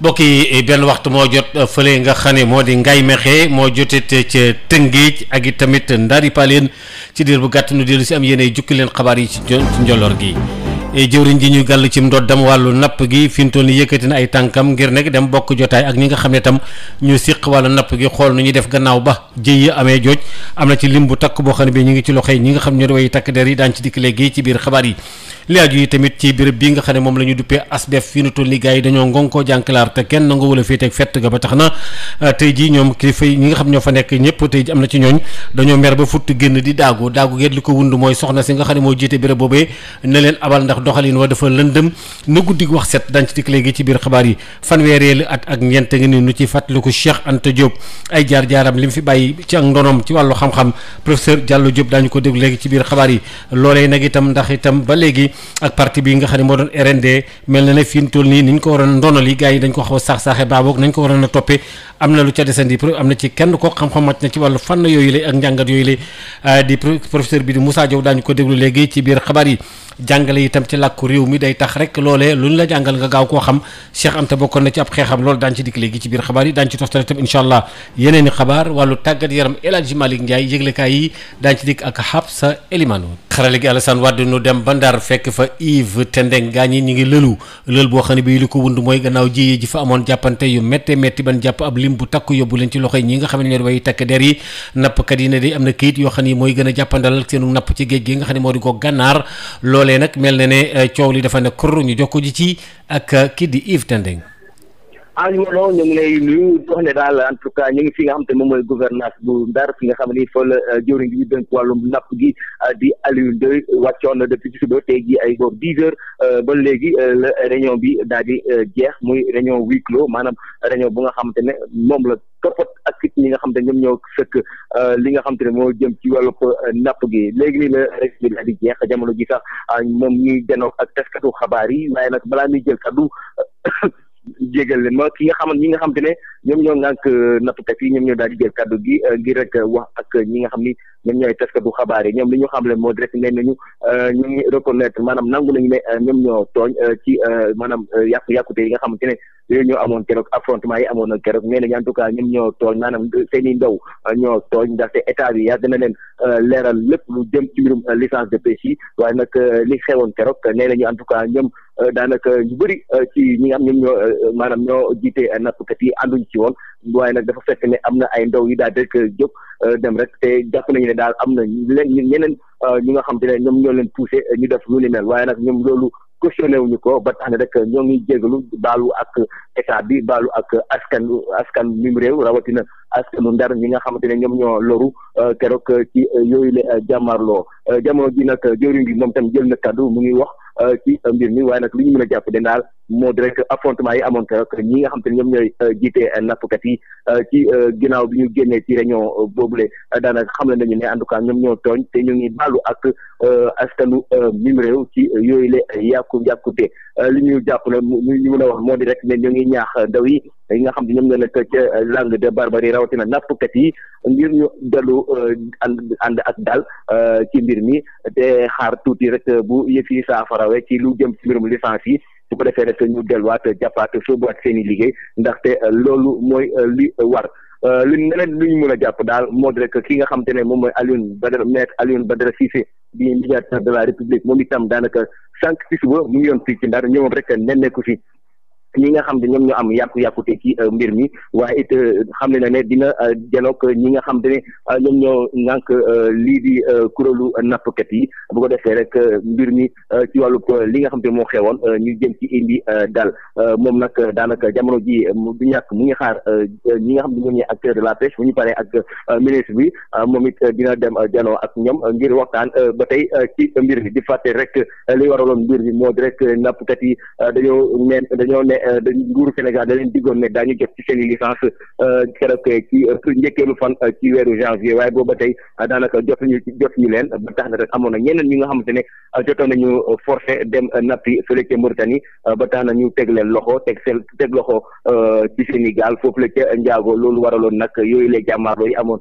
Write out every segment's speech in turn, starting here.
mbokk yi eh, benn waxtu moo jot eh, fële nga xam ne moo di ngay mexe moo jotete eh, ca Tëngéej ak i tamit ndaari paleen ci diir bu gàtt nu dellu si am yéenay jukki leen xabaar yi ci njolloor gi jëwriñ ji ñu gàll ci ndoddam wàllu napp gi fi mu toll nii na ay tànkam ngir nekk dem bokk jotaay ak ñi nga xam ne tam ñu siq wàllu napp gi xool nu ñuy def gannaaw ba jëy yi amee jooj am na ci lim bu takk boo xam ne bii ñu ngi ci loxo yi ñi nga xam ne ñoo di way takk der yi daan ci dikk léegi ci biir xabaar yi li aju yi tamit ci béréb bi nga xam ne moom la ñu duppee asbef fii nu toll dañoo ngong koo jànkalaar te kenn nangu wala féeteeg fett ga ba tax na euh, tey ji ñoom kilifa yi ñi nga xam ñoo fa nekk ñëpp tey ji am na ci ñooñ dañoo di daagu daagu geet li ko wund mooy soxna si nga xam ne moo jiite béréb boobee na leen abal ndax doxalin wa dafa lëndëm na guddi wax set dañ ci dikk léegi ci biir xabaar yi fanweereelu at ak ñeent ngi ni nu ci fàttaliku Cheikh Anta Diop ay jaar-jaaram li mu fi bàyyi ci ak ndonom ci wàllu xam-xam professeur Diallo Diop daañu ko déglu léegi ci biir xabaar yi loolee nag itam ndax itam ba ak parti bi nga xam ne moo doon RND mel na ne fi ñu toll nii ni ñu ko waroon ndonal yi gars yi dañ ko xaw a saax-saaxe baaboog nañ ko waroon a toppee am na lu ca desandi am na ci kenn ko xam-xam màcc na ci wàllu fànn yooyu la ak njàngat yooyu la ah, di professeur bi di Moussa Diaw daañu ko déglu léegi ci biir xabaar yi jàngale itam ci làkku réew mi day tax rek loolee lu ñu la jàngal nga gaaw koo xam Cheikh Anta bokkoon na ci ab xeexam loolu daan ci dikk léegi ci biir xabaar yi daan ci toftale itam incha allah yeneen i xabaar wàllu tàggat yaram El Hadji Malick Ndiaye yëglekaay yi daan ci dikk ak Habsa Elimane xarale gi Alassane Wade nu dem ba Ndar fekk fa Yves Tendeng gaañ ñi ñu ngi lëlu lël boo xam ne bii li ko wund mooy gannaaw jiyee ji fa amoon jàppante yu métte métti ban jàpp ab lim bu leen ci loxo yi ñi nga xam ne ñoo way takk der yi nappkat yi ne yoo xam ne mooy gën a jàppandal seenu napp ci géej gi nga xam ne moo di ko gànnaar loolee nag mel na ne eh, coow li dafa ne kur ñu jokko ji ci ak eh, kii di Yves Alioune Lo ñu ngi lay ne daal en tout ñu ngi fi nga xam te moom mooy gouvernance bu Ndar fi nga xam ni fa la euh, jëwriñ gi ñu dénk wàllum napp gi euh, di Alioune Ndoye wàccoon depuis ci suba tey jii ay boobu dix heures euh, ba léegi la réunion bi daal di jeex muy réunion huis maanaam réunion bu nga xamante ne moom la toppatoo ak it ñi nga xam te ñoom ñoo fekk li nga xam ne moo jëm ci wàllub napp gi léegi nii la rek bi daal jeex jamono ji sax moom ñuy janoog ak taskatu xabaar yi waaye nag balaa muy jël kaddu jégal ma ki nga xaman ñi nga xam te ne ñoom ñoo ngànk euh, nappkat yi ñoom ñoo daal di jël kàddu gi euh, ngir rek euh, wax ak ñi nga xam ni ñoom ñooy taskatu xabaar yi ñoom li ñu xamle moo di rek nee nañu euh, ñu ngi reconnaître maanaam nangu nañu ne euh, ñoom ñoo tooñ euh, ci maanaam yàqu yàqute yi nga xamante ne yooyu ñoo amoon keroog affrontement yi amoon keroog nee nañu en tout cas ñoom ñoo tooñ maanaam seen i ndaw ñoo tooñ ndaxte état bi yàgg na leen lépp lu jëm ci mbirum licence de pêche waaye nag li xewoon keroog nee nañu en tout cas ñoom daanaka ñu bëri ci ñi nga xam ñoom ñoo maanaam ñoo jiite nappkat yi ànduñ ci woon waaye nag dafa fekk ne am na ay ndaw yi daal rek jóg Euh, dem rek te jàpp nañu ne daal am na leen ñeneen euh, ñi nga xam te ne ñoom ñoo leen poussé ñu def lu ni mel waaye nag ñoom loolu cautionné wuñu ko ba tax na rek ñoo ngi jégalu baalu ak état bi baalu ak askan askan mim réew rawatina askanu ndar ñi nga xamante ne ñoom ñoo loru euh, keroog ci yooyu la jàmmarloo jamono ji nag jëwriñ bi moom tam jël na kaddu mu ngi wax Euh, ci euh, mbir mi waaye nag li ñu na a jàpp den daal moo di affrontement yi amoon keroog ñi nga ñoom ñooy euh, jiite nappkat yi ci ginnaaw bi ñu génnee ci réunion boobule daanaka xam nañu ne en tout cas ñoom ñoo tooñ te ñu ngi baalu ak Euh, askanu euh, mim réew ci euh, yooyu la yàqu yàqute li ñu jàpp na ñu mën a wax moo di rek ne ñoo ngi ñaax ndaw yi yi nga xam ne ñoom ñoo nekk ca langue de barbarie rawatina nappkat yi ngir ñu dellu ànd ak daal ci mbir mi te xaar tuuti rek bu yëf yi saafarawe ci lu jëm ci mbirum licence yi su ko defee rek ñu delluwaat jàppaat soobuwaat seeni i liggéey ndaxte loolu mooy li war li neneen lu ñu mën a jàpp daal moo di ki nga xam te ne moom mooy Alioune Badara maître Alioune Badara Cissé di médiateur de la république moom itam daanaka sànq si suba mu ngi yoon fii ci Ndar ñëwoon rek nenneeku si ñi nga xam ne ñoom ñoo am yàqu-yàqute ci euh, mbir mi waaye it euh, xam ne na ne dina euh, janook ñi nga xam ne ñoom ñoo ngànk lii di kuréelu nappkat yi bu ko defee rek mbir mi ci wàllu li nga xam ne moo xewoon ñu jëm ci indi dal moom nag daanaka jamono ji du ñàkk mu ngi xaar ñi nga xam ne ñoom ñooy acteur de la ñu paree ak ministre bi moom it dina dem janoo ak ñoom ngir waxtaan ba tey ci mbir mi di fàtte rek li waraloon mbir mi moo di rek nappkat yi dañoo dañoo ne Euh, dañu nguuru Sénégal da leen diggoon ne daañu jot ci seen i licence euh, keroog euh, ci njëkkeelu fan ci weeru janvier waaye booba tey daanaka jotuñu ñu leen ba tax na rek amoon na ñeneen ñi nga xamante ne jotoon nañu forcé dem nappi fële ca Mauritanie ba tax na ñu teg leen loxo teg seen teg loxo ci Sénégal foofu la ca njaago loolu waraloon nag yooyu la jàmmaarloo yi amoon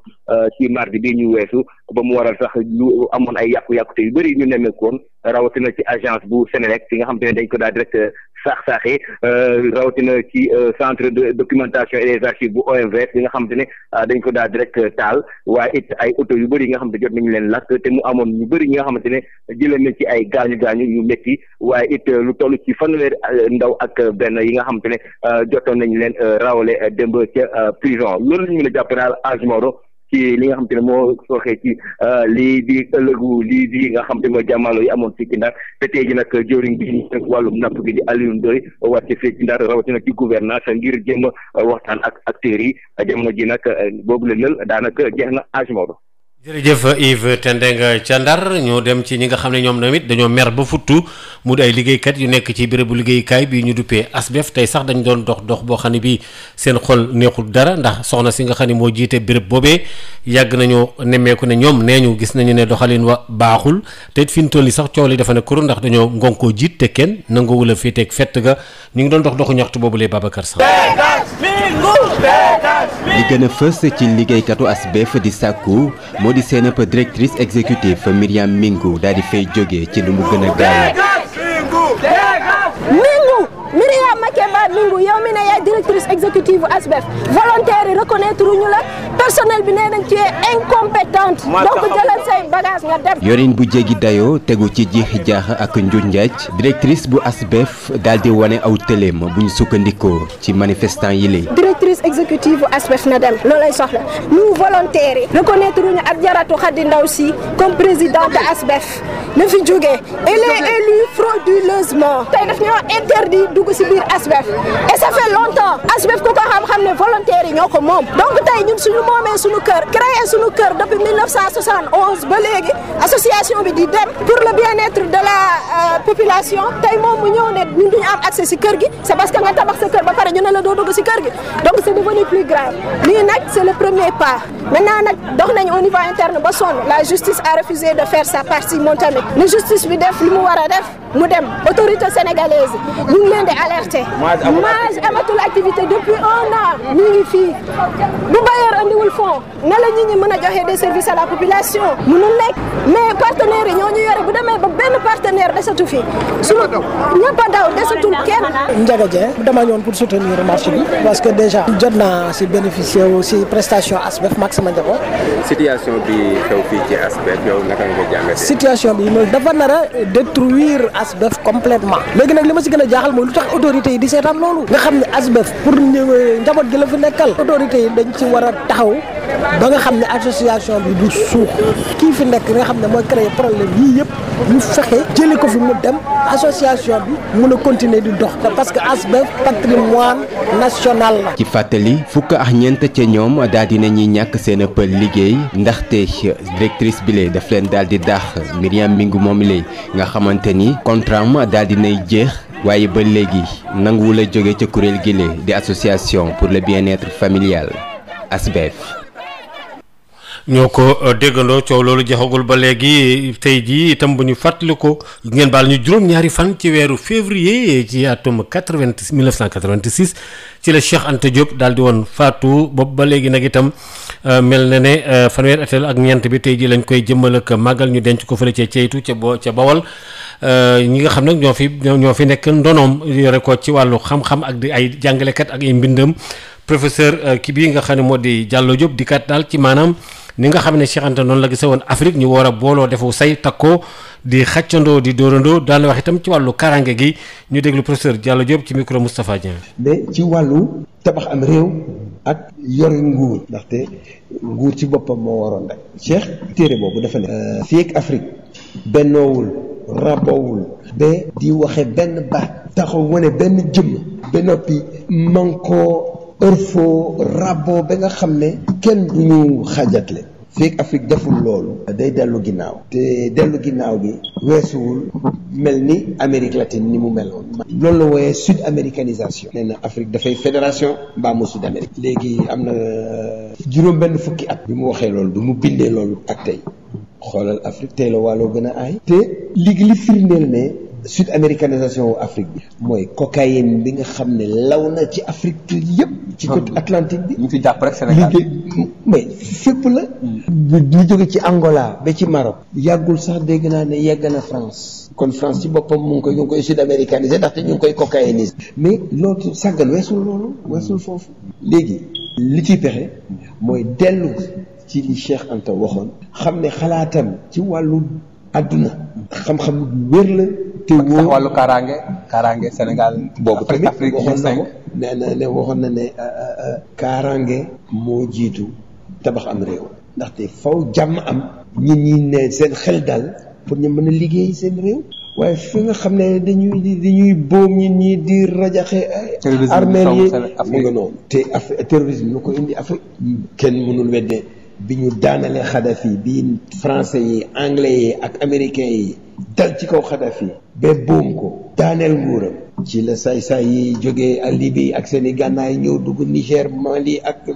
ci mardi bi ñu weesu ba mu waral sax lu amoon ay yàqu-yàqu yu bëri ñu nemmeekoon rawatina ci agence bu Sénélec fi nga xamante ne dañ saax-saaxee euh, rawatina ci euh, centre de documentation et des archives bu OMVS bi nga xamante ne euh, dañ ko daal di rek taal waaye it ay oto yu bëri yi nga xamante jot nañu leen lakk te mu amoon ñu bëri ñi nga xamante ne jëlee nañ ci ay gaañu gaañu yu métti waaye it lu toll ci fanweer ndaw ak benn yi nga xamante ne jotoon nañu leen rawale démb ca prison loolu la ñu mën a jàpp ci li nga xam te ne moo sooxee ci euh, lii di ëllëgu lii di nga xam te mooy jàmmaalo yi amoon fii ci te tey ji nag jëwriñ bi ñu nekk wàllum napp gi di Alioune Ndoye wàcce fii ci Ndar rawatina ci gouvernance ngir jéem a waxtaan ak acteurs yi jamono ji nag euh, boobu la lël daanaka jeex na age jërëjëf Yves Tendeng ca Ndar ñoo dem ci ñi nga xam ne ñoom tamit dañoo mer ba futtu mu di ay liggéeykat yu nekk ci bérébu liggéeykaay bii ñu duppee ASBEF tey sax dañu doon dox dox boo xam ne bii seen xol neexul dara ndax soxna si nga xam ne moo jiitee béréb boobee yàgg nañoo nemmeeku ne ñoom nee ñu gis nañu ne doxalin wa baaxul te it fi ñu toll yi sax coow li dafa ne kuru ndax dañoo ngonkoo jiit te kenn nanguwul a féeteeg fett ga ñu ngi doon dox doxu ñaxtu boobu lee Babacar sax li gën a fës ci liggéeykatu ASBEF di moo di seenap directrice exécutive Myriam Mingu daal di fay jóge ci lu mu gën a gaaw Mohamed Mingu yow mi yaay directrice exécutive bu volontaire yi ñu la personnel bi nee nañ ci incompétente donc jëlal say bagage nga dem yorin bu jéggi dayoo tegu ci jiixi jaax ak njur njaaj directrice bu ASBEF daal di wane aw tëleem bu ñu sukkandikoo ci manifestant yi lay directrice exécutive bu na dem loolu soxla nous volontaires yi ak jaratu xaddi ndaw si comme présidente ASBEF na fi jógee il élu frauduleusement tey daf et ça fait longtemps ASBEF ku ko xam-xam ne volontaires yi ñoo ko moom donc tey suñu moomee suñu kër créé suñu kër depuis 1971 ba léegi association bi di dem pour le bien-être de la euh, population tey moom mu ñëw ne ñun duñu am accès si kër gi c'est parce que nga tabax sa kër ba pare ñu ne la doo dugg kër gi donc c'est devenu plus grave lii nag c'est le premier pas maintenant nag dox nañ au niveau interne ba sonn la justice a refusé de faire sa partie moom mu dem autorité sénégalaise yi leen di alerter mage amatul activité depuis un an ñu ngi fii bu bailleur andiwul fond na la ñi ñi mën a joxe des services à la population mënul nekk mais partenaires yi yore bu demee ba benn partenaire desatu fi suñu ñëpp a daw desatul kenn Ndiaga Dieng dama ñëwoon pour soutenir marché bi parce que déjà jot naa si bénéficier aussi prestation ASBEF max sama situation bi xew dafa nar détruire ASBEF complètement léegi nag li ma si gën a jaaxal mooy lu tax autorités yi di seetaan loolu nga xam ne ASBEF pour njaboot gi la fi nekkal autorités yi dañ ci war a taxaw ba nga xam ne association bi du suux kii fi nekk nga xam ne mooy créer problème yii yëpp ñu fexe jëlee ko fi mu dem association bi mun a continuer di dox parce que ASBEF patrimoine national la. ci fàttali fukk ak ñeent ca ñoom daal di nañuy ñàkk seen ëppal liggéey ndaxte directrice bi lee daf leen daal di daax Myriam Mingu moom lay nga xamante ni contrat am daal di nay jeex. waaye ba léegi nanguwul a jóge ca kuréel gile di association pour le bien-être familial ASBEF ñoo ko euh, déggandoo coow loolu joxagul ba léegi tey jii itam bu ñu fàttaliku ngeen baal ñu juróom-ñaari fan ci weeru février ci atum 80 1986 ci la Cheikh Anta Diop daal di woon faatu boobu ba léegi nag itam euh, mel na ne euh, fanweer atel ak ñeent bi tey jii lañ koy jëmmal ak màggal ñu denc ko fële ca ceytu ca bo ca bawal ñi nga xam nag ñoo fi ñoo fi nekk ndonoom yore ko ci wàllu xam-xam ak di ay jàngalekat ak ay mbindam professeur euh, ki bii nga xam ne moo di Diallo Diop di kat daal ci maanaam ni nga xam ne Cheikh Anta noonu la gisee woon Afrique ñu war a booloo defu say takkoo di xàccandoo di dóorandoo daan wax itam ci wàllu karange gi ñu déglu professeur Diallo Diop ci micro Moustapha Dieng. mais ci wàllu tabax am réew ak yori nguur ndaxte nguur ci boppam moo waroon rek Cheikh téere boobu dafa ne. Euh, fii ak Afrique bennoowul rabowul ba di waxe benn baat taxaw wane benn jëmm ba noppi ërfoo ràbboo ba nga xam ne kenn du ñu xàjjatle feeg Afrique deful loolu day dellu ginnaaw te dellu ginnaaw bi weesuwul mel ni Amérique latine ni mu meloon loolu la wooyee sud américanisation nee Afrique dafay fédération mbaa mu sud Amérique léegi am na euh, juróom benn fukki at bi mu waxee loolu du mu bindee loolu ak tey xoolal Afrique tey la wàlloo gën a aay te léegi li firndeel ne sud américanisation wu Afrique bi mooy cocaïne bi nga xam ne law na ci Afrique yëpp. ci côte Atlantique bi. ñu fi jàpp rek Sénégal mais fépp la. ñu hmm. jóge ci Angola ba ci Maroc. yàggul sax dégg naa ne yegg na France. kon France ci boppam mu ngi koy ñu ngi koy sud américaniser ndaxte ñu ngi koy cocaïniser. mais loolu sàggan weesul loolu weesul foofu. léegi li ci pexe mooy dellu ci li Cheikh Anta waxoon. xam ne xalaatam ci wàllu. àdduna xam-xam bu la te wóor sax wàllu kaaraange kaaraange Sénégal boobu tamit Afrique waxoon na ne euh, euh, euh, ne waxoon moo jiitu tabax am réew ndaxte faw jàmm am ñit ñi ne seen xel daal pour ñu mën a liggéey seen réew waaye fi nga xam ne dañuy dañuy boom ñit ñi di rajaxe armeel yi mu nga noonu te af terrorisme ñu ko indi Afrique kenn mënul weddee bi ñu daanale xadafi bi français yi anglais yi ak américains yi dal ci kaw xadafi ba boom ko daaneel nguuram ci la saay-saay yi jógee Libye ak seen i gànnaay ñëw dugg Niger Mali ak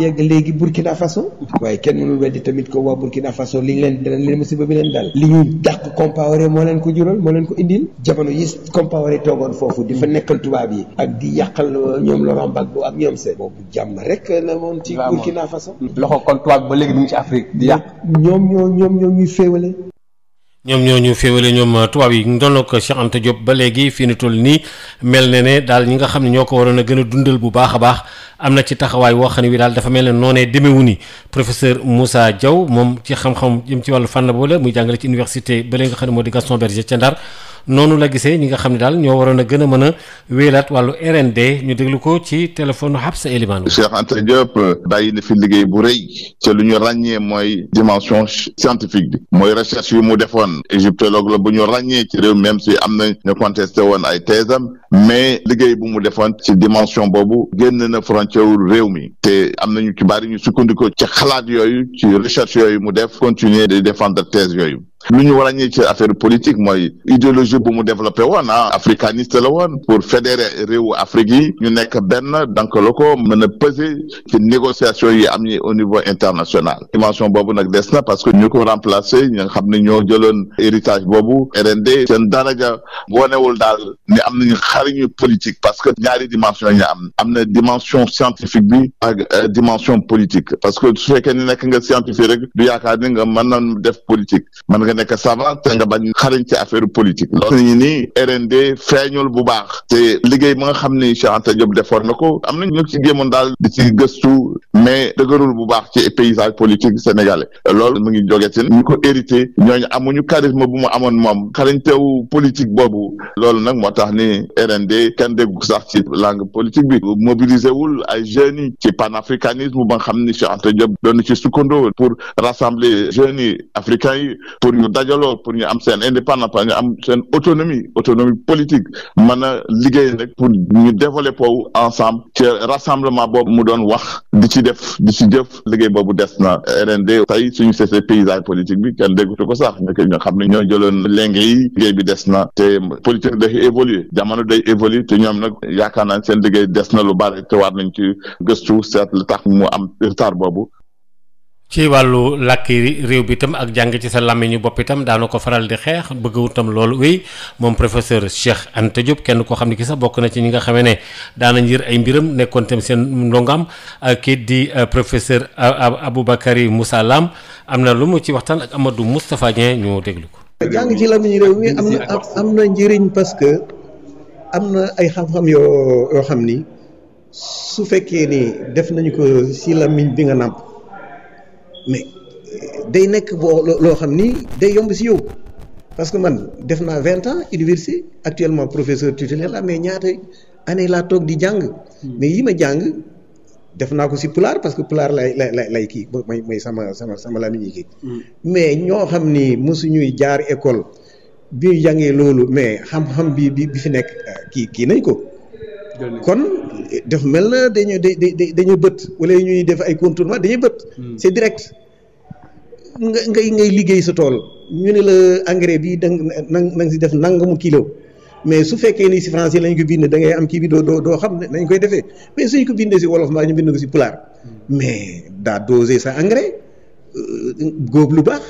yegg léegi Burkina Faso waaye kenn mënul weddi tamit ko waa Burkina Faso li ñu leen dal li musiba bi leen dal li ñu dàq Compaoré moo leen ko jural moo leen ko indil jamono yi Compaoré toogoon foofu di fa nekkal tubaab yi ak di yàqal ñoom Laurent Gbagbo ak ñoom seen boobu jàmm rek la moom ci Burkina Faso loxo kon tubaab ba léegi mu ngi ci Afrique di ñoom ñoom ñuy féewale ñoom ñoo ñu féewale ñoom euh, tubaab yi ñu doon ko Cheikh Anta ba léegi fii ni nii mel na ne daal ñi nga xam ne ñoo ko waroon a gën a dundal bu baax a baax am na ci taxawaay woo xam ne wi daal dafa mel ne noonee demeewu ni professeur Moussa Diaw moom ci xam-xam jëm ci wàllu fànn boole muy jàngale ci université ba léegi nga xam ne moo di Gaston Berger ca Ndar noonu la gisee ñi nga xam ne daal ñoo waroon a gën a mën a wéelaat wàllu RND ñu déglu ko ci téléphone Habsa Elimane. Cheikh Anta Diop bàyyi na fi liggéey bu rëy te lu ñu ràññee mooy dimension scientifique mooy recherche yu mu defoon égyptologue la bu ñu ràññee ci réew même si am na ñu contesté woon ay thèse mais liggéey bu mu defoon ci dimension boobu génn na frontière réew mi te am na ñu ci bari ñu sukkandiku ci xalaat yooyu ci recherche yooyu mu def continuer di défendre thèse yooyu. lu ñu war a ñëw ci affaire politique mooy idéologie bu mu développé woon ah africaniste la woon pour fédérer réewu Afrique yi ñu nekk benn donc la ko mën a peser ci négociation yi am ñi au niveau international dimension boobu nag des na parce que ñu ko remplacer ñi nga xam ne ñoo jëloon héritage boobu RND seen daraja wonewul daal ni am nañu xariñu politique parce que ñaari dimension ñu am am na dimension scientifique bi ak euh, dimension politique parce que su fekkee ni nekk nga scientifique rek yaakaar ni nga mën na def politique nga nekk savant te nga bañ xarañ affaire politique loolu nañu ni RND feeñul bu baax te liggéey ba nga xam ni Cheikh Anta Diop defoon na ko am na ñu ci jéemoon daal di ci gëstu mais dëgërul bu baax ci paysage politique sénégalais loolu mu ngi jóge ci ñu ko hérité ñooñu amuñu charisme bu mu amoon moom xarañteewu politique boobu loolu nag moo tax ni RND kenn déggu sax ci langue politique bi mobilisé wul ay jeunes yi ci panafricanisme ba nga xam ni Cheikh Anta Diop doon ci sukkandoo pour rassembler jeunes yi africains yi pour ñu dajaloo pour ñu am seen indépendance pour ñu am seen autonomie autonomie politique mën a liggéey rek pour ñu développer wu ensemble ci rassemblement boobu mu doon wax di ci def di ci jëf liggéey boobu des na RND tey suñu cessé paysage politique bi kenn déggutu ko sax nekk ñoo xam ne ñoo jëloon léegi yi liggéey bi des na te politique day évoluer jamono de évoluer te ñoom nag yaakaar naa seen liggéey des na lu bari te war nañ ci gëstu seet lu tax mu am retard boobu ci wàllu làkk réew bi ak jàng ci sa làmmiñu bopp itam daana ko faral di xeex bëgg wutam loolu wéy moom professeur Cheikh Anta Diop kenn koo xam ne ki sax bokk na ci ñi nga xamee ne daana njër ay mbiram nekkoon tam seen ndongaam kii di euh, professeur euh, Aboubacary Moussa Lam am na lu mu ci waxtaan ak Amadou Moustapha Dieng ñu déglu ko jàng ci làmmiñu réew mi am na am na njëriñ parce que am na ay xam-xam yoo xam ni su fekkee ni def nañu ko si làmmiñ bi nga nàmp mais euh, day nekk boo loo xam ni day yomb si yow parce que man def naa vingt ans université actuellement professeur titulaire la mais ñaata année laa toog di jàng. Hmm. mais yi ma jàng def naa ko si pulaar parce que pulaar lay lay lay kii may may sama sama sama lamiñ yi kii. Hmm. mais ñoo xam ni mosu jaar école bi ñu jàngee loolu mais xam-xam bi bi fi nekk euh, kii kii nañ ko. kon def mel na dañu da da dañuy bët wala ñuy def ay contournement dañu bët. Hmm. c'est direct nga ngay ngay liggéey sa tool ñu ne la engrais bi da nga na nga si def nangamu kilo mais su fekkee nii si français lañ ko bind da ngay am kii bi doo doo xam ne nañ koy defee mais suñ ko bindee si wolof ma ñu bind ko si pulaar hmm. mais daa doser sa engrais euh, góob lu baax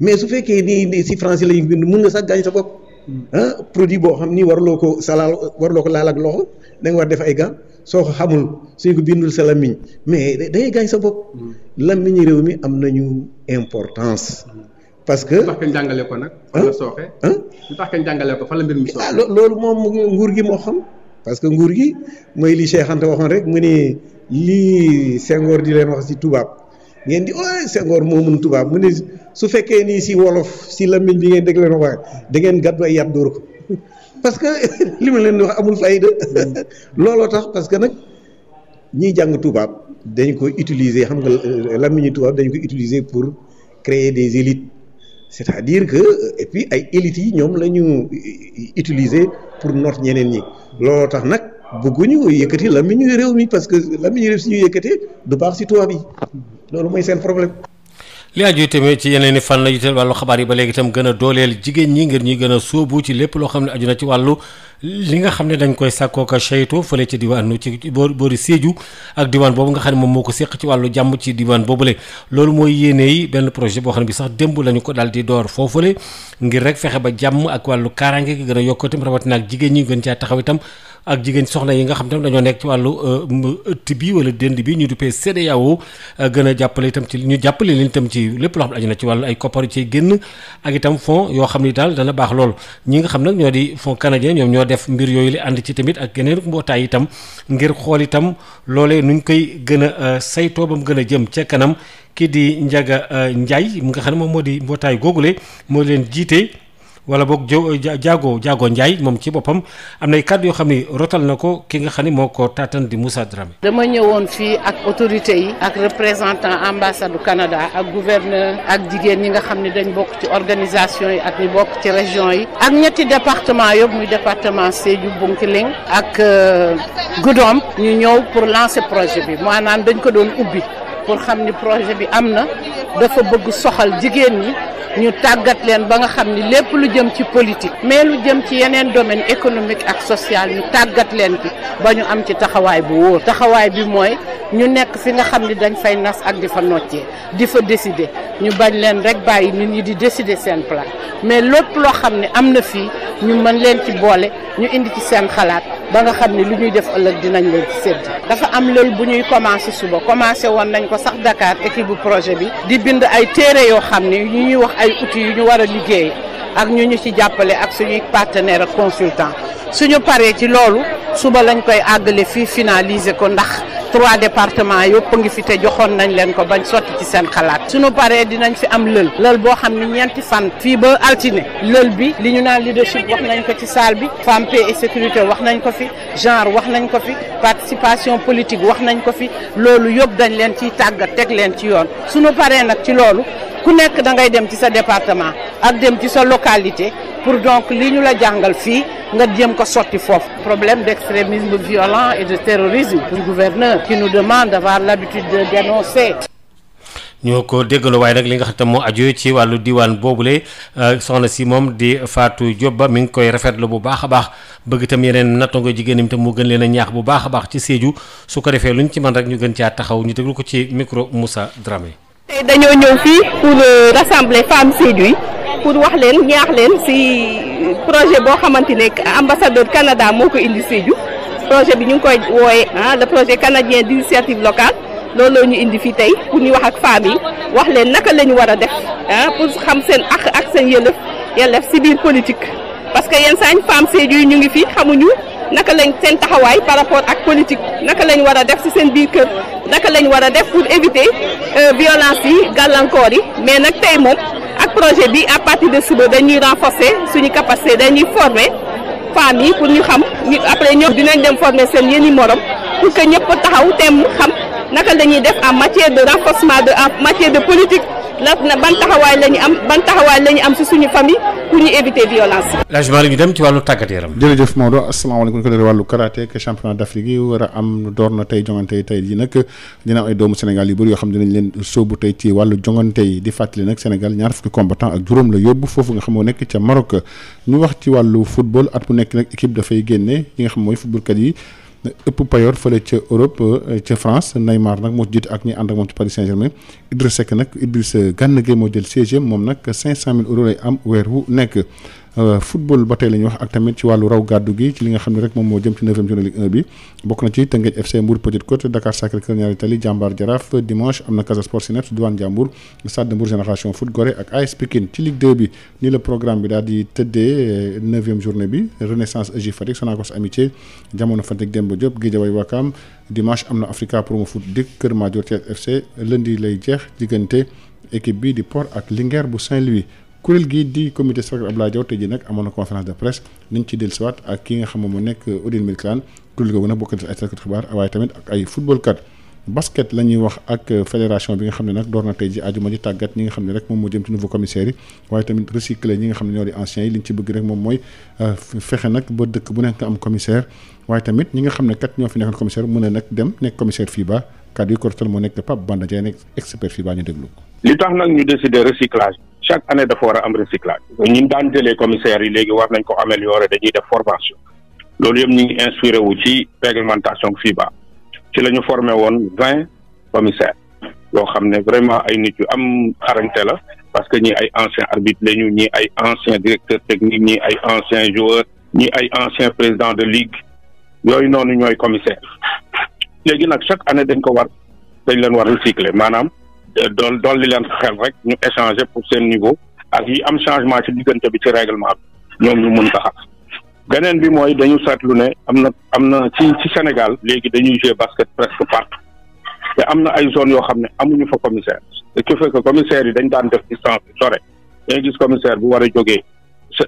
mais su fekkee ni si français lañ ko bind mun na sax gaañ sa bopp. ah produit boo xam ni warloo ko salaal warloo ko laal ak loxo da nga war def ay gan soo ko xamul suñ ko bindul sa làmmiñ mais da ngay gaañ sa bopp. Mm. làmmiñu réew mi am nañu importance. Mm. parce que lu tax kenn ko nag. fan la ah? sooxe. Ah? lu tax ko fan la mbir mi sooxe. Ah, loolu moom nguur gi moo xam. parce que nguur gi mooy li Cheikh waxoon rek mu ni lii Senghor di leen wax si tubaab. ngeen di ooy Senghor moo mun tubaab mu ne su fekkee nii si wolof si lamiñ bi ngeen dégg leen wax da ngeen gàddu ay yat dóor ko parce que li ma leen wax amul fayda looloo tax parce que nag ñiy jàng tubaab dañ ko utiliser xam nga euh, lamiñu tubaab dañ ko utiliser pour créer des élites c'est-à-dire que et puis ay élites yi ñoom la ñu euh, utiliser pour noot ñeneen ñi looloo tax nag bëgguñu yëkkati lamiñu réew mi parce que lamiñu réew si ñu yëkkatee du baax si tubaab yi loolu mooy seen problème. li aju tamit ci yeneen i fan la jiital wàllu xabaar yi ba léegi tam gën a dooleel jigéen ñi ngir ñuy gën a sóobu ci lépp loo xam ne aju na ci wàllu li nga xam ne dañ koy sàkkoo ko saytu fële ci diwaanu ci boor boori Sédhiou ak diwaan boobu nga xam ne moom moo ko séq ci wàllu jàmm ci diwaan boobule loolu mooy yéene yi benn projet boo xam ne bi sax démb lañu ko daal di door foofule ngir rek fexe ba jàmm ak wàllu kaaraange gi gën a yokk itam rawatina ak jigéen ñi gën caa taxaw itam ak jigéen soxna yi nga xam tam dañoo nekk ci wàllu ëtt euh, bi wala dënd bi ñu duppee CEDEAO euh, gën a jàppale itam ci ñu jàppale leen itam ci lépp loo xam na ci wàllu ay koppar yu ciy génn ak itam fonds yoo xam ni daal dana baax lool ñi nga xam nag ñoo di fonds canadien ñoom ñoo def mbir yooyu li ànd ci tamit ak geneen mbootaay itam ngir xool itam loolee nuñ koy gën a euh, saytoo ba mu gën a jëm ca kanam kii di Njaga Njaay mu nga xam ne moom moo di mbootaay googu googule moo leen jiite wala boog jo jaago jaago Ndiaye moom ci boppam am nay kàddu yoo xam ne rotal na ko ki nga xam ni moo ko taatan di Moussa Dramé. dama ñëwoon fii ak autorité yi ak représentant ambassade du Canada ak gouverneur ak jigéen ñi nga xam ne dañ bokk ci organisation yi ak ñu bokk ci région yi ak ñetti département yëpp muy département Sédhiou Bounkiling ak euh, Goudomp ñu ñëw pour lancer projet bi maanaam dañ ko doon ubbi pour xam ni projet bi am na dafa bëgg soxal jigéen ñi ñu tàggat leen ba nga xam ni lépp lu jëm ci politique mais lu jëm ci yeneen domaine économique ak social ñu tàggat leen ba ñu am ci taxawaay bu wóor taxawaay bi mooy ñu nekk fi nga xam ni dañ fay nas ak di fa noccee di fa décider ñu bañ leen rek bàyyi nit ñi di décider seen plan mais lépp loo xam ni am na fii ñu mën leen ci boole ñu indi ci seen xalaat ba nga xam ne lu ñuy def ëllëg dinañ leen ci sédd dafa am lël bu ñuy commencé suba commencé woon nañ ko sax Dakar équipe bu projet bi di bind ay téere yoo xam ni ñu ñuy wax ay uti yu ñu war a liggéey ak ñu ñu ci jàppale ak suñuy partenaire ak consultant suñu paree ci loolu suba lañ koy àggale fii finaliser ko ndax trois départements yëpp ngi fi te joxoon nañ leen ko bañ sotti ci seen xalaat suñu paree dinañ fi am lël lël boo xam ni ñeenti fan fii ba altine lël bi li ñu naan leadership wax nañ ko ci salle bi femme paix et sécurité wax nañ ko fi genre wax nañ ko fi participation politique wax nañ ko fi loolu yëpp dañ leen ciy tàggat teg leen ci yoon sunu paree nag ci loolu ku nekk da ngay dem ci sa département ak dem ci sa localité pour donc li ñu la jàngal fii nga jéem ko sotti foofu. problème d'extrémisme violent et de terrorisme pour le gouverneur qui nous demande d'avoir l'habitude de dénoncer. ñoo ko déggalu waaye nag li nga xam te moo aju ci wàllu diwaan boobule euh, soxna si moom di Fatou Diop ba mi ngi koy rafetlu bu baax a baax bëgg itam yeneen nattango jigéen ñi tam mu gën leen a ñaax bu baax a baax ci Sédhiou su ko defee luñ ci man rek ñu gën caa taxaw ñu déglu ko ci micro Moussa Dramé. Euh, yi. pour wax leen ñaax leen ci projet boo xamante ne ambassadeur Canada moo ko indi Sédhiou projet bi ñu ngi koy wooye ah le projet canadien d'initiative locale looloo ñu indi fii tey pour ñu wax ak femmes yi wax leen naka la ñu war a def ah pour xam seen ak ak seen yëlëf yëlëf ci biir politique parce que yenn saañ femmes Sédhiou yi ñu ngi fi xamuñu naka lañ seen taxawaay par rapport ak politique naka lañu war a def ci seen biir kër naka lañ war def pour éviter euh, violence yi gàllankoor yi mais nag tey moom ak projet bi à partir de suba dañuy renforcer suñu capacité dañuy former femmes yi pour ñu xam ñu après ñoom dinañ dem former seen yéen i morom pour que ñëpp taxaw tem xam naka la ñuy def en matière de renforcement de en matière de politique lan na ban taxawaay la ñu am ban taxawaay la ñu am si suñu famille pour ñu éviter violence. laaj bari ñu dem ci wàllu tàggat yaram. jërëjëf Maodo asalaamaaleykum ko am door na tey jongante yi tey jii nag dina am ay doomu Sénégal yu bëri yoo xam ne dinañ leen sóobu tey ci wàllu jongante yi di fàttali nag Sénégal ñaar fukki combattant ak juróom la yóbbu foofu nga xamoo moo nekk ca Maroc ñu wax ci wàllu football at bu nekk nag équipe dafay génne ñi nga xam mooy footballkat yi ëpp payoor fële ca Europe euh, ca France Neymar nag moo jiite ak ñi ànd ak moom ci Paris Saint-Germain Idrissa Seck nag Idrissa Gana Gueye moo jël 16e moom nag 500 000 euros lay am weer wu nekk. Euh, football ba tey la ñuy wax ak tamit ci wàllu raw gàddu gi ci li nga xam ne rek moom moo jëm ci 9 journée Ligue 1 bi bokk na ci Teungueth FC Mbour Petite Côte Dakar Sacré-Cœur Niary Tally Jàmbaar Jaraaf dimanche am na Casa Sport Cneps Douane Diambour Stade de Génération Foot Gorée ak AS Pikine ci Ligue 2 bi nii la programme bi daal di tëddee 9e euh, journée bi Renaissance EJ Fatick Sonacos Amitié Jamono Fatick Demba Diop Guédiawaye Wakam na Africa Promo Foot lay jeex diggante équipe bi di Port ak Linguère bu Saint-Louis kuréel gii di comité Socrate Abdoulaye Diaw tey jii nag amoon na conférence de presse nañ ci dellusiwaat ak ki nga xam moom moo nekk Odile Milclan kuréel googu nag bokkati ay taskatu xibaar waaye tamit ay football kat basket la wax ak fédération bi nga xam ne nag door na tey ji ajuma ji tàggat ñi nga xam ne rek moom moo jëm ci nouveau commissaire yi waaye tamit recycler nga xam ne ñoo di mooy euh, fexe nag ba dëkk bu nekk am commissaire waaye tamit ñi nga xam ne kat ñoo fi nekkoon commissaire mën nag dem nekk commissaire FIBA kàddu yi kortal chaque année dafa war am recyclage ñun daan jëlee commissaires yi léegi war nañ ko améliorer dañuy de formation loolu yëpp ñu ngi inspiré wu ci réglementation FIBA ci la ñu formé woon vingt commissaires yoo xam ne vraiment ay nit yu am xarañte la parce que ñi ay anciens arbitres la ñu ñi ay anciens directeurs technique ñi ay anciens joueurs ñi ay anciens président de ligue yooyu noonu ñooy commissaire léegi nag chaque année dañ ko war dañ leen war recycler maanaam Euh, dool dool li leen xel rek ñu échanger pour seen niveau ak yi am changement ci diggante bi ci réglement bi ñoom ñu mun ko xam beneen bi mooy dañu seetlu ne am na am na ci ci Sénégal léegi dañuy jouer basket presque partout te am na ay zone yoo xam ne amuñu fa commissaire ce qui fait que commissaire yi dañ daan def distance bi sore dañuy gis commissaire bu war a jógee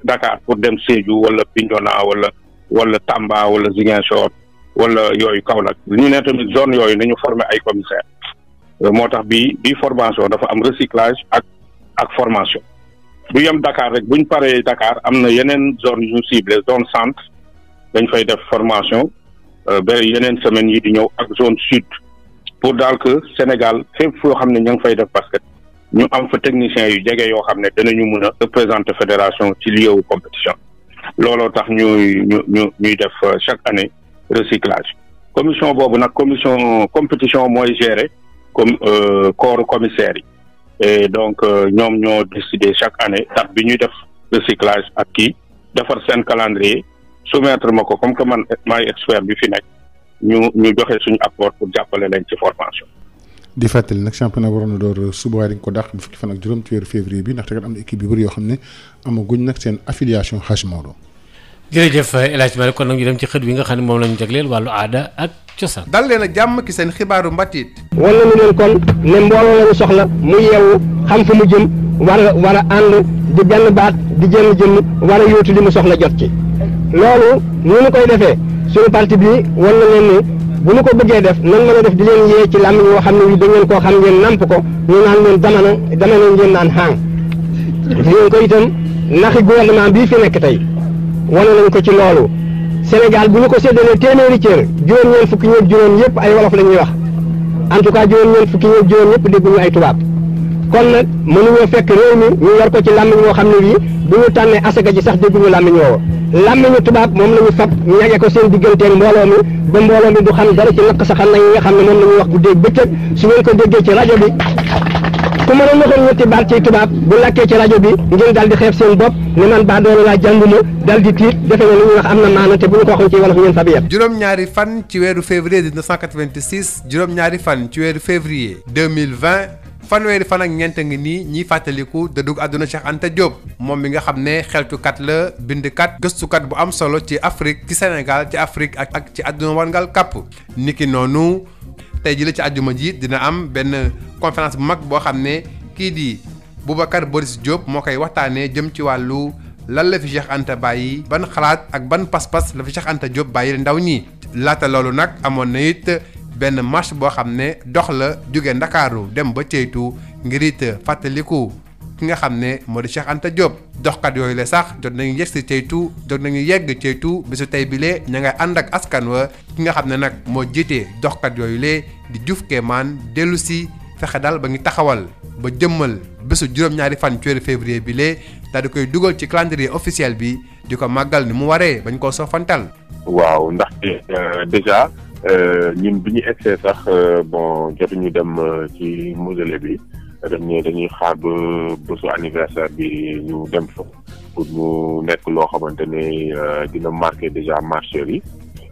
Dakar pour dem Sédhiou wala Bignona wala wala Tamba wala Ziguinchor wala yooyu Kaolack ñu ne tamit zone yooyu nañu former ay commissaire Euh, moo tax bi bi formation dafa am recyclage ak ak formation bu yem dakaar rek buñ paree dakaar am na yeneen zone yu ñu ciblé zone centre dañ fay def formation euh, ba yeneen semaines yi di ñëw ak zone sud pour daal que Sénégal fépp foo xam ne ña ngi fay def basket ñu am fa techniciens yu jege yoo xam ne danañu mun a représenter fédération ci lieu compétition looloo tax ñuy ñu ñu ñuy def euh, chaque année recyclage commission boobu nag commission compétition mooy gérer. comme euh, corps commissaire yi et donc euh, ñoom ñoo décider chaque année date bi ñuy def recyclage ak kii defar seen calendrier soumettre ma ko comme que man maay expert bi fi nekk ñu ñu joxe suñu apport pour jàppale leen ci formation. di fàttali nag championnat waroon na door suba waaye dañ ko dàq bu fukki fan ak juróom ci weeru février bi ndax kat am na équipe yu bëri yoo xam ne amaguñ nag seen affiliation Haj Maodo jërëjëf eh, El Hadj Malick kon nag ñu dem ci xët wi nga xam ne moom la ñu jagleel wàllu aada ak cosaan. dal leen a jàmm ki seen xibaaru mbatiit. wan nañu leen kon ne mbooloo lañu soxla mu yeewu xam fu mu jëm war a war a ànd di benn baat di jënn jënn war a yóotu li mu soxla jot ci. loolu ni ñu koy defee suñu parti bi wan na leen ni bu ñu ko bëggee def nan mën a def di leen yee ci làmmiñ yoo xam ne wi da koo xam ngeen namp ko ñu naan leen damana damana ngeen naan xaang. di ngeen ko itam naxi gouvernement bii fi nekk tey wane nañ ko ci loolu Sénégal bu ñu ko séddalee téeméeri cër juróom-ñeent fukki ñeeg juróom yëpp ay wolof la ñuy wax en tout cas juróom-ñeent fukki ñeeg juróom yëpp dégguñu ay tubaab kon nag mënuñoo fekk réew mi ñu yor ko ci làmmiñ woo xam ne bii bu ñu tànnee asaka ji sax dégguñu làmmiñ woowa làmmiñu tubaab moom la ñu fab ñage ko seen digganteeg mbooloo mi ba mbooloo mi du xam dara ci naq sa xam na yi nga xam ne moom la ñuy wax guddeeg bëccëg su ngeen ko ku mënoon waxoon ñetti baat ci tubaab bu lakkee ci rajo bi ngeen daal di xeeb seen bopp ne man baa doon laa jànguma daal di tiit defe ne lu ñuy wax am na maana te bu ñu ko waxoon ci wolof ngeen fab yëpp juróom-ñaari fan ci weeru février 1986 juróom-ñaari fan ci weeru février fanweeri fan ak ñeent ngi nii ñiy fàttaliku dëddug àdduna Cheikh ante Diop moom mi nga xam ne xeltukat la bind bindkat gëstukat bu am solo ci Afrique ci Sénégal ci Afrique ak ak ci àdduna wangal kàpp niki noonu tey ji la ci àjjuma ji dina am benn conférence bu mag boo xam ne kii di Boubacar Boris Diop moo koy waxtaanee jëm ci wàllu lan la fi Cheikh Anta bàyyi ban xalaat ak ban pas-pas la fi Cheikh Anta Diop bàyyi ndaw ñi. laata loolu nag amoon na it benn marche boo xam ne dox la jóge Ndakaaru dem ba Ceytu ngir it fàttaliku ki nga xam ne moo di Cheikh Anta Diop. doxkat yooyu la sax jot nañu yegg si Ceytu jot nañu yegg Ceytu bisu tey bile ña ngay ànd ak askan wa ki nga xam ne nag moo jiite doxkat yooyu le di Diouf Kéemaan dellu fexe daal ba ngi taxawal ba jëmmal bésu juróom-ñaari fan ci weeru février bi lee daal koy dugal ci calendrier officiel bi di ko màggal ni mu waree bañ koo sofantal. waaw ndaxte euh, déjà euh, ñun bi ñu egsee sax euh, bon jotu ñu dem ci mausolée bi daf ñu dañuy xaar ba bésu anniversaire bi ñu dem fa pour mu nekk loo xamante ne dina marqué déjà marcheurs yi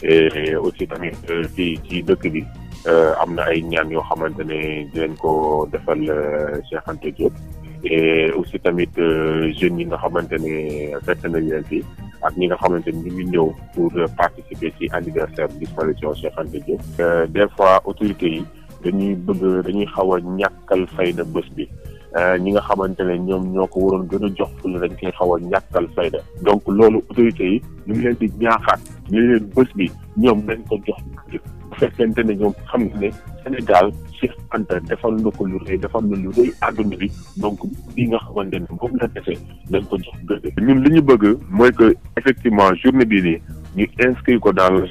et aussi tamit ci ci dëkk bi. Euh, am na ay ñaan yoo xamante ne dinañ ko defal euh, Cheikh Anta Diop aussi tamit euh, jeunes yi nga xamante ne fekk nañ leen fi ak ñi nga xamante ni ñu ngi ñëw pour participer ci anniversaire disparition Cheikh Anta Diop. des fois autorités yi dañuy bëgg dañuy xaw a ñàkkal fayda bés bi. ñi nga xamante ne ñoom ñoo ko waroon gën a jox fula dañ koy xaw a ñàkkal fayda donc loolu autorité yi ñu ngi leen di ñaaxaat ñu leen bés bi ñoom dañ ko jox fekkente ne ñoom xam nga ne Sénégal Cheikh Anta defal na ko lu rëy defal na lu rëy àdduna bi donc li nga xamante ne moom la dese dañ ko jox ñun li ñu bëgg mooy que effectivement journée bii nii ñu inscrit ko dans le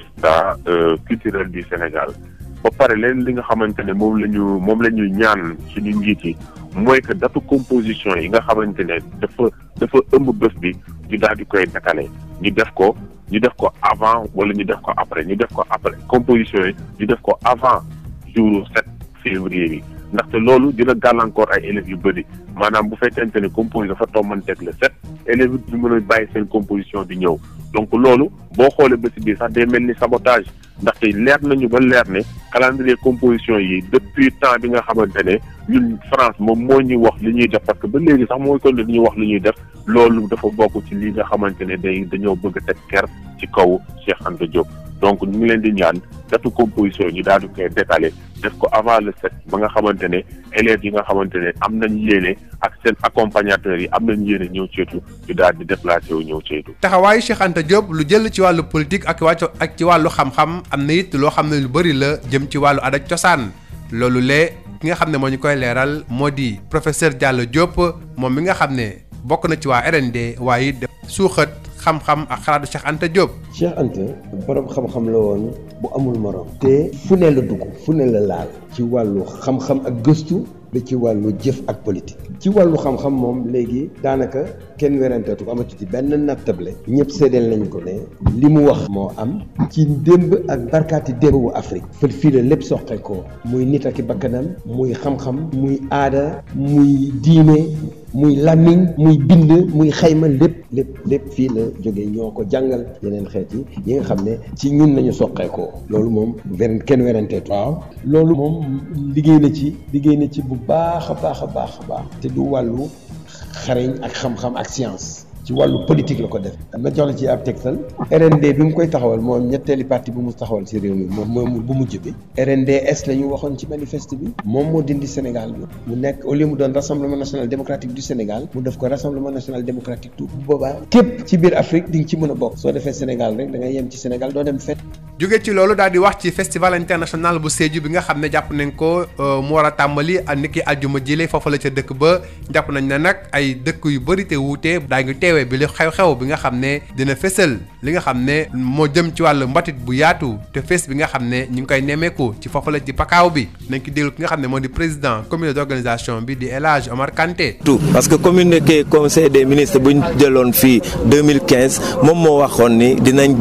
euh, culturel du Sénégal ba pare leen li nga xamante ne moom la ñu moom la ñuy ñaan suñu njiit yi mooy que date composition yi nga xamante ne dafa dafa ëmb bés bi ñu daal di koy décaler ñu def ko ñu def ko avant wala ñu def ko après ñu def ko après composition yi ñu def ko avant jour sept février yi ndaxte loolu dina gàllankoor ay élèves yu bëri maanaam bu fekkente ne composition dafa tombanteeg le sept élèves yi du mën a bàyyi seen composition di ñëw donc loolu boo xoolee ba si biir sax day mel ni sabotage ndaxte leer nañu ba leer ne calendrier composition yi depuis temps bi nga xamante ne ñun France moom moo ñuy wax li ñuy def parce que ba léegi sax mooy kon li ñu wax li ñuy def loolu dafa bokk ci lii nga xamante ne day dañoo bëgg a teg ker ci kaw Cheikh Anta Diop. donc ñu ngi leen di ñaan datu composition ñu daal di koy détaillé def ko avant le set ba nga xamante ne élèves yi nga xamante ne am nañ yéene ak seen accompagnateurs yi am nañ yéene ñëw ceytu ñu daal di déplacé wu ñëw ceytu taxawaayu Cheikh Anta Diop lu jël ci wàllu politique ak wàcc ak ci wàllu xam am it loo xam ne lu bëri la jëm ci wàllu aada cosaan loolu lee ki nga xam ne moo ñu koy leeral moo di professeur Diallo Diop moom mi nga xam ne bokk na ci waa RND waaye def suuxat xam-xam ak xalaatu Cheikh Anta Diop. Cheikh Anta boroom xam-xam la woon bu amul morom. te fu ne la dugg fu ne la laal. ci wàllu xam-xam ak gëstu. ba ci wàllu jëf ak politique ci wàllu xam-xam moom léegi daanaka kenn weranteetu ko amatu ci benn nattable ñëpp séddale nañ ko ne li mu wax moo am ci démb ak barkaati démb wu Afrique fët fii la lépp soqe ko muy nit ak i bakkanam muy xam-xam muy aada muy diine muy làmmiñ muy bind muy xayma lépp lépp lépp fii la jógee ñoo ko jàngal yeneen xeet yi yi nga xam ne ci ñun lañu soqeekoo loolu moom wen kenn weranteetu waaw loolu moom liggéey na ci liggéey na ci bu baax a baax a baax a baax te du wàllu xarañ ak xam-xam ak science ci wàllu politique la ko def dama jox la ci ab tegtal RND bi mu koy taxawal moom ñetteeli parti bu mu taxawal ci réew mi moom bu mujj bi RNDS la waxoon ci manifeste bi moom moo dindi Sénégal bi mu nekk au lieu mu doon rassemblement national démocratique du Sénégal mu def ko rassemblement national démocratique tout bu boobaa képp ci biir Afrique di nga ci mën a bokk soo defee Sénégal rek da ngay yem ci Sénégal doo dem fet jóge ci loolu daal di wax ci festival international bu Sédhiou bi nga xam ne jàpp nañ ko euh, mu war a tàmbali ni ki àjjuma jile foofu la ca dëkk ba jàpp nañ ne nag ay dëkk yu bëri te wuute daa ngi teewee bi li xew-xew bi nga xam ne dina fésal li nga xam ne moo jëm ci wàll mbatit bu yaatu te fees bi nga xam ne ñu ngi koy nemmeeku ci foofu la ci pakaaw bi nañ ki déglu ki nga xam ne moo di président comité d'organisation bi di El Hadj Omar Kanté. parce que communiqué conseil des ministres bu ñu jëloon fii 2015 moom moo waxoon ni dinañ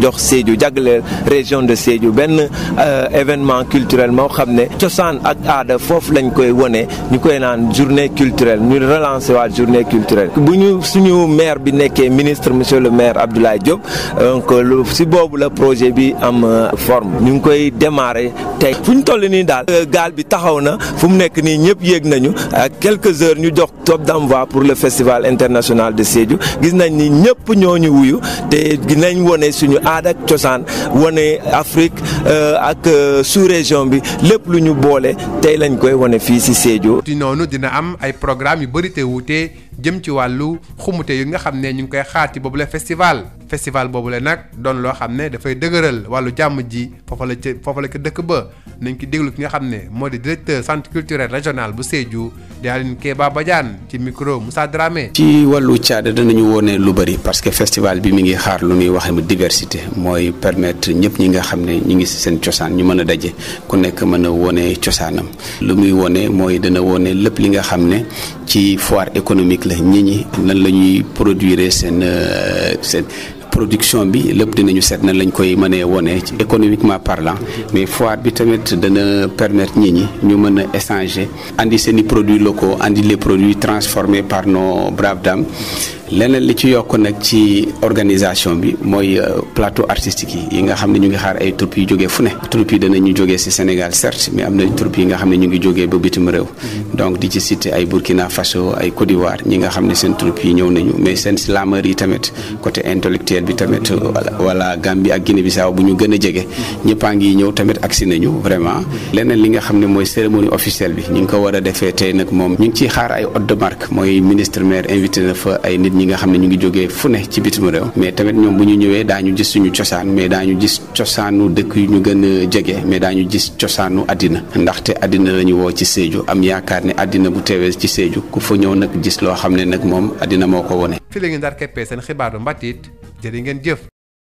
jox Sédhiou jagleel. région de Sédhiou benn euh, événement culturel moo xam ne cosaan ak aada foofu lañ koy wone ñu koy naan journée culturelle ñu relancer waa journée culturelle bu ñu suñu maire bi nekkee ministre monsieur le maire Abdoulaye Diop donc lu si boobu la projet bi am euh, forme ñu ngi koy démarrer tey fu ñu toll nii daal euh, gaal bi taxaw na fu mu nekk nii ñëpp yéeg nañu ak quelques heures ñu jox top d'envoi pour le festival international de Sédhiou gis nañ ni ñëpp ñoo ñu wuyu te dinañ wone suñu aada cosaan wane Afrique euh, ak euh, sous-région bi lépp lu ñu boole tey lañ koy wane fii ci Sédhiou. di noonu dina am ay programme yu bëri te wuute jëm ci wàllu xumute yu nga xam ne ñu ngi koy xaar ci boobu la festival. festival boobu la nag doon loo xam ne dafay dëgëral wàllu jàmm ji foofa la ca foofa dëkk ba nañ ki déglu ki nga xam ne moo di directeur centre culturel régional bu Sédhiou di Aline ba Badiane ci micro Moussa Dramé. ci wàllu caada danañu wone lu bëri parce que festival bi mu ngi xaar lu ñuy wax diversité mooy permettre ñëpp ñi nga xam ne ñu ngi si seen cosaan ñu mën a daje ku nekk mën a wone cosaanam lu muy wone mooy dana wone lépp li nga xam ne ci foire économique la ñi ñi nan la ñuy produire seen euh, seen. production bi lépp dinañu seet na lañ koy mënee wone ci économiquement parlant mais foire bi tamit dana permettre nit ñi ñu mën a échanger indi seen i produits locaux indi les produit transformés par nos braves leneen li ci yokk nag ci organisation bi mooy euh, plateau artistique yi yi nga xam ne ñu ngi xaar ay troupe yu jóge fu ne troupe yi danañu jóge si Sénégal certes mais am na troupe yi nga xam ne ñu ngi jógee ba bitim réew mm-hmm. donc di ci cité ay Burkina Faso ay Côte d'Ivoire ñi nga xam ne seen troupe yi ñëw nañu mais seen slameur yi tamit mm-hmm. côté intellectuel bi tamit wala Gambie ak Guinée Bissau bu ñu gën a jege mm-hmm. ñëppaa ngi ñëw tamit agsi nañu vraiment leneen li nga xam ne mooy cérémonie officielle bi ñu ngi ko war a defee tey nag moom ñu ngi ciy xaar ay hôte de marque mooy ministre maire invité na fa ay nit ñi ñi nga xam ne ñu ngi jógee fu ne ci bitim réew mais tamit ñoom bu ñu ñëwee daañu gis suñu cosaan mais daañu gis cosaanu dëkk yu ñu gën a jege mais daa ñu jis cosaanu àddina ndaxte àddina la ñu woo ci Sédhiou am yaakaar ne àddina bu teewee ci Sédhiou ku fa ñëw nag gis loo xam ne nag moom àddina moo ko wone fi la ñu ndar keppee seen xibaaru mbàttiit jëri ngeen jëf